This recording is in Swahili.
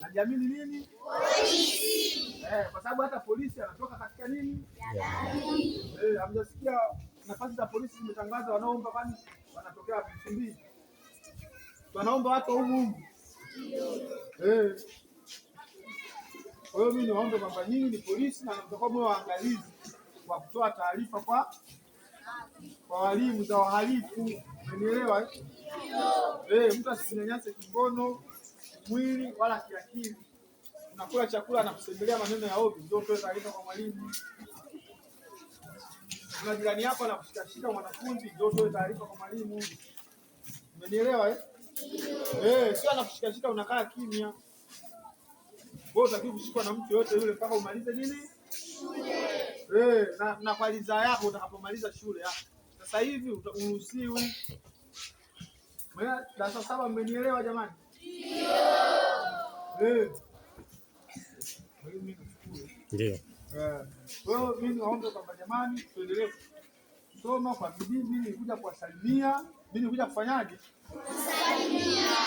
na jamii ni nini? Polisi. Eh, kwa sababu hata polisi anatoka katika nini? Jamii. Yaani. Eh, hamjasikia nafasi za polisi zimetangazwa, wanaomba kwani wanatokea Msumbiji, wanaomba watu huko huko. Eh. Kwa hiyo mimi niwaombe kwamba nyinyi ni polisi na mtakuwa mwe waangalizi wa kutoa taarifa kwa kwa walimu za wahalifu, umenielewa? Eh, eh mtu asinyanyase kingono mwili wala kiakili. Unakula chakula na kusembelea maneno ya ovyo, ndio utoe taarifa kwa mwalimu. Una jirani yako anakushikashika mwanafunzi, ndio utoe taarifa kwa mwalimu. Umenielewa eh? Eh, sio anakushikashika unakaa kimya. Wewe utakiwa kushikwa na mtu yote yule mpaka umalize nini? Eh, na, na kwa ridhaa yako utakapomaliza shule ya. Sasa hivi uruhusiwi. Darasa saba, mmenielewa jamani? Ndio. Kwa hiyo mimi naomba kwamba jamani, tuendelee kusoma kwa bidii. Mimi nilikuja kuwasalimia, mimi nikuja kufanyaje? Kusalimia.